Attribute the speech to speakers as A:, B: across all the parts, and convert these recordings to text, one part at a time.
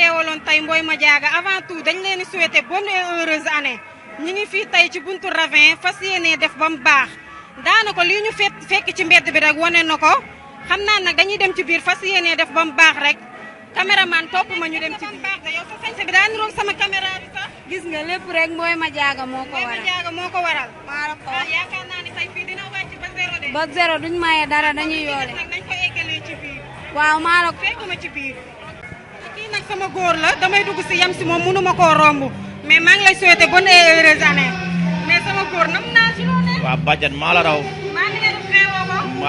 A: teewaloon tey Mboye Madiaga avant tout dañ leen di souhaiter bonne et heureuse année ñi ngi fii tey ci buntu ravin fas yéenee def ba mu baax daanaka lii ñu fekk ci mbedd bi rek wane na ko xam naa nag dañuy dem ci biir fas yéenee def ba mu baax rek caméraman topp ma ñu dem ci biir. bi daa niroog sama caméra bi sax. gis nga lépp rek Mboye Madiaga moo moo ko waral. waaw waaw ah, yaakaar naa ba zéro de. ba maye dara dañuy yoole. waaw maa la ci biir. sama góor la damay dugg si yam si moom mënuma koo romb mais maa ngi lay souhaité bonne et heureuse année sama góor nam naa si loo
B: ne. maa la raw.
A: maa ngi leen ah. bu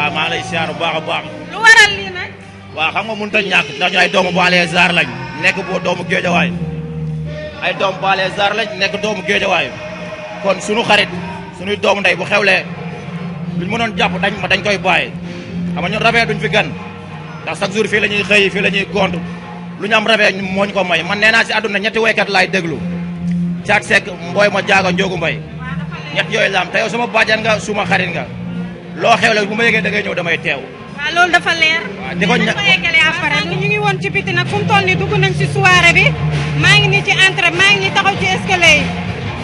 A: baax a baax. lu waral lii nag.
B: waaw xam nga mun a ñàkk ndax ñu ay doomu Baale Zar lañ nekk boo doomu Géejawaay ay doomu Baale Zar lañ nekk doomu Géejawaay kon sunu xarit sunuy doomu ndey bu xewlee luñ mënoon jàpp dañ ma dañ koy bàyyi xam nga rabee duñ fi gan ndax chaque jour fii la ñuy xëy fii la lu ñu am rabee mooñ ko may man nee naa si àdduna ñetti woykat laay déglu ak sekk mboy ma jaago jogu mbay ñet yoy lam tayo sama bàjjan nga suma xarit nga lo xew la bu ma yëgee da ngay ñew damay teew
A: wa lool dafa leer ñu ko afara ñu ngi won ci biti nak fum tolni duggu nañ ci soirée bi ma ngi ni ci entre ma ngi taxaw ci escalier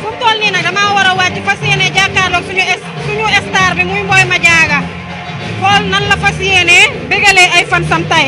A: fum tolni nak dama wara wacc damaa war suñu suñu star bi muy mboy ma jaaga xol nan la fas yéene ay fan sam tay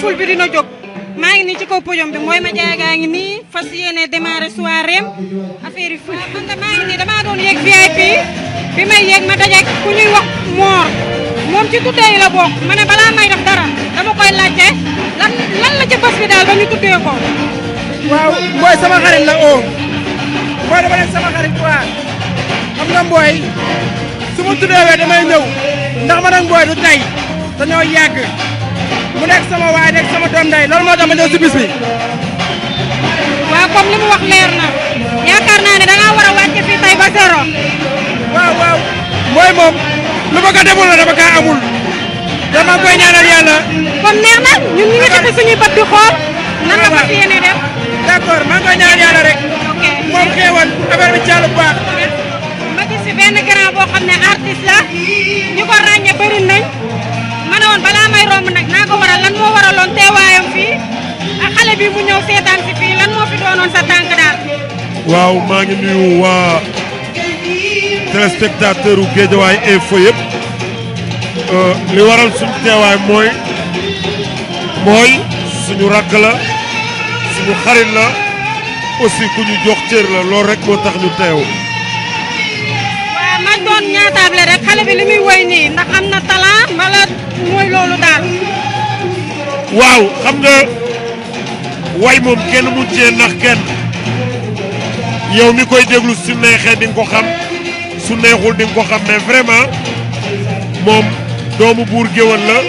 A: ful bi dina jóg maa ngi nii ci kaw podium bi mooy ma jaagaa ngi nii fas yéene démarrer soirée affaire yi ful man de maa ngi nii damaa doon yéeg VIP bi may yéeg ma dajeeg ku ñuy wax moor moom ci tuddee yi la bokk ma ne balaa may def dara dama koy laajte lan la ci bés bi daal ba ñu tuddee ko
B: waaw mbooy sama xarit la oo oh.
A: mbooy dama leen sama xarit quoi
B: xam nga mbooy su ma tuddee damay ñëw ndax ma nag mbooy du tey
A: dañoo yàgg nek nekk sama waay nekk sama doom day loolu moo tax ma ñëw si bis bi. waaw comme li mu wax leer na yaakaar naa ne da ngaa war a wàcc fii ba zéro. waaw waaw mooy moom lu ma ko dama kaa amul. te maa ngi koy ñaanal yàlla. kon neex na ñun ñu def suñuy bët di xool. nan nga fas yéene def. d' accord maa ngi koy ñaanal yàlla rek. ok moom xéewal affaire bi jàll bu baax. ma gis benn grand boo xam artiste la ñu ko ràññee bëri nañ. ma ne may romb nag naa waral lan moo waraloon teewaayam fii ak xale bi mu seetaan si fii lan moo fi doonoon sa tànk daal.
B: waaw maa ngi nuyu waa téléspectateur u Guédiawaye info yëpp euh, li waral suñu teewaay mooy mooy suñu rakk la suñu xarit la aussi ku ñu jox cër la lool rek moo tax ñu teew.
A: waaw man doon ñaataable rek xale bi li muy woy nii ndax am na talent.
B: waaw xam nga way moom kenn mu cee ndax kenn yow mi koy déglu su neexee di nga ko xam su neexul ko xam mais vraiment moom doomu buur géwël la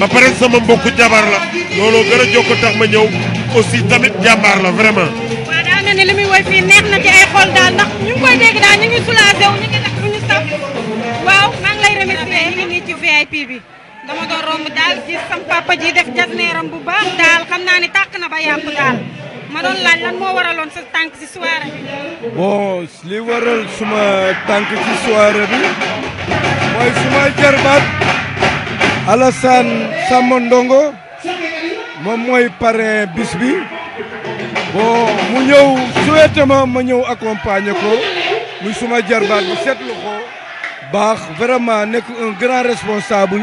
B: ba pare sama mbokk jabar la looloo gën a jokk tax ma ñëw aussi tamit jàmbaar la vraiment.
A: waaw daa mel ni li muy woy fii neex na ci ay xol daal ndax. partenaire am bu baax daal xam naa ne tàq na ba yàpp daal ma doon laaj lan moo waraloon sa tànk ci soirée bi.
B: bon suma tànk ci soirée jarbaat Alassane Samba Ndongo moom mooy parrain bis bi bon mu ñëw souhaité ma ma ñëw accompagner ko muy suma jarbaat bu seetlu ko baax vraiment nekk un grand responsable.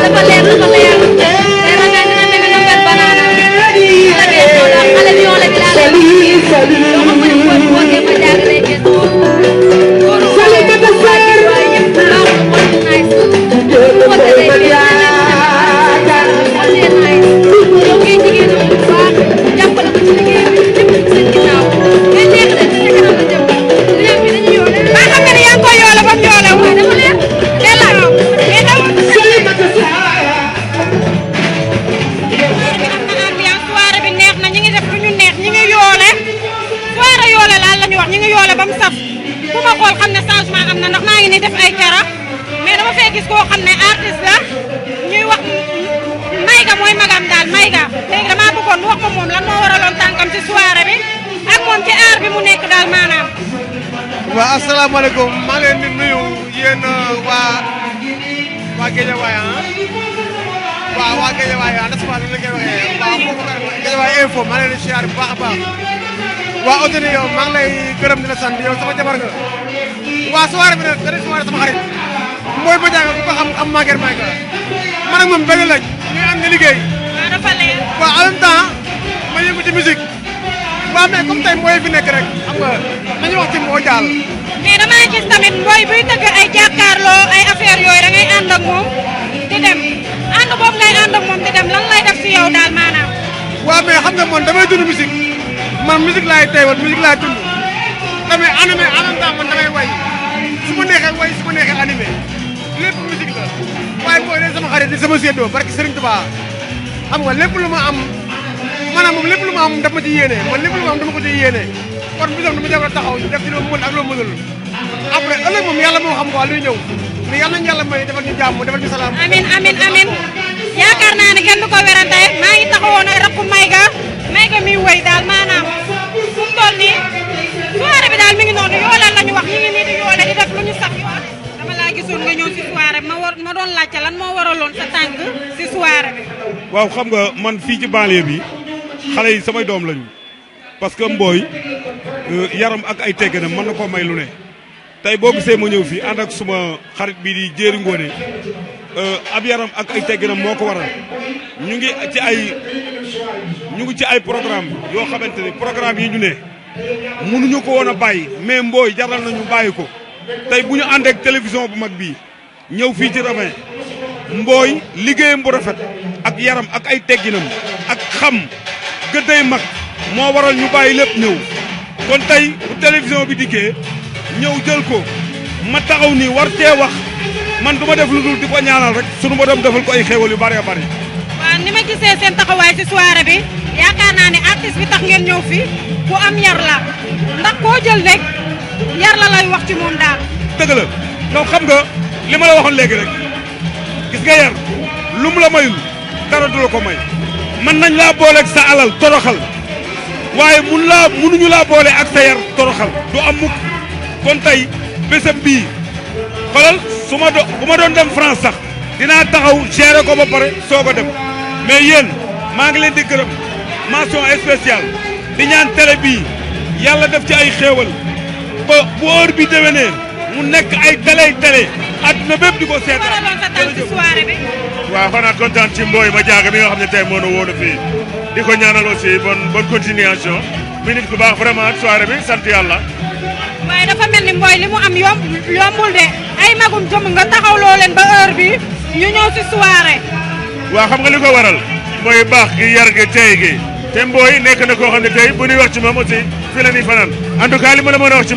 A: แล้วก็เล่นแล้วก็เล่น gis koo xam ne artiste la ñuy wax Mayga mooy magam daal Mayga léegi damaa bëggoon mu wax ko moom lan moo waraloon tànkam ci soirée bi ak moom ci aar bi mu nekk daal maanaam.
B: waaw asalaamaaleykum maa leen di nuyu yéen uh, waa waa Guédiawaye ah waaw waa Guédiawaye ah n'est-ce pas nu ngeen waxee waaw moom Guédiawaye info maa leen di baax baax. waa Odile yow maa lay gërëm di la sant sama jabar nga waa soirée bi nag benn soirée sama xarit. mooy Badianga ku ko xam xam Maguette Maguette man ak moom benn lañ ñuy ànd liggéey. waaw dafa leer. waaw ma
A: mbooy buy tëgg ay jàkkaarloo ay affaire yooyu da ngay ànd moom di dem ànd boobu ngay ànd moom di dem lan lay def si yow daal maanaam. waaw mais xam nga man damay dund musique man musique laay teewoon
B: musique laay dund damay animé en même temps man damay way su ma neexee way su ma neexee lépp musique la waaye booy day sama xarit sama séddoo barki Serigne Touba xam nga lépp am maanaam moom lépp lu am daf ci yéene man lépp lu am dama ko ci yéene kon bisam dama jawra taxaw def ci loo ak loo mënul après ëllëg moom yàlla moo xam quoi luy ñëw
A: may defal ñu defal ñu amin amin amin yaakaar naa ne kenn du ko werante ngi taxawoon ak rakku Mayga Mayga miy woy daal maanaam fu mu bi mi ngi wax ngi ma doon laajte lan moo waraloon sa tàng si soirée bi.
B: waaw xam nga man fii ci banlieue bi xale yi samay doom lañu parce que mbooy euh, yaram ak ay tegginam mën na koo may lu ne tey boo gisee ma ñëw fii ànd ak suma xarit bii di jéeri ngoone euh, ab yaram ak ay tegginam moo ko waral ñu ngi ci ay ñu ngi ci ay programme programme yi ñu ko mais jaral nañu ak télévision bu mag ñëw fii ci Ravin mbooy liggéeyam bu rafet ak yaram ak ay tegginam ak xam gëdday mag moo waral ñu bàyyi lépp ñëw kon tey bu télévision bi dikkee ñëw jël ko ma taxaw nii war cee wax man du ma def lu dul di ko ñaanal rek sunu borom defal ko ay xéewal yu bëree bëri.
A: ni ma gisee seen taxawaay ci soirée bi yaakaar naa ne artiste bi tax ngeen ñëw fi ku am yar la ndax koo jël rek yar la lay wax ci moom daal. dëgg la xam nga.
B: li ma la waxoon léegi rek gis nga mu la mayul dara du ko may mën nañ laa booleeg sa alal toroxal waaye mun laa munuñu laa boole ak sa yar toroxal du am mukk kon bii xoolal su ma do bu ma doon dem France sax dinaa taxaw gérer ko ba pare soog a dem mais yéen maa ngi leen di gërëm mention spéciale di ñaan télé bii yàlla def ci ay xéewal ba bu heure bi déwénee mu nekk ay télé télé àdduna bépp di ko seetaan. waaw xanaa kontaan ci mbooy di ko ñaanal aussi bonne bonne continuation mi nit ku baax vraiment ak
A: soirée bi sant yàlla. waaye dafa mel ni mbooy li mu am yomb yombul de ay magum nga ba heure bi ñu ñëw si soirée. waaw xam nga li waral
B: mooy baax gi yar gi tey gi te mbooy nekk na koo xam tey bu ñuy wax ci moom aussi la en tout cas la wax ci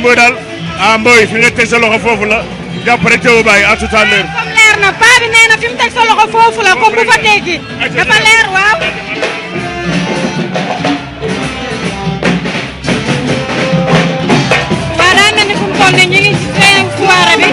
B: ah fi nga sa loxo la. jàpp rek teewu bàyyi à tout leer
A: na paa bi na fi mu teg sa bu fa teggi dafa leer waaw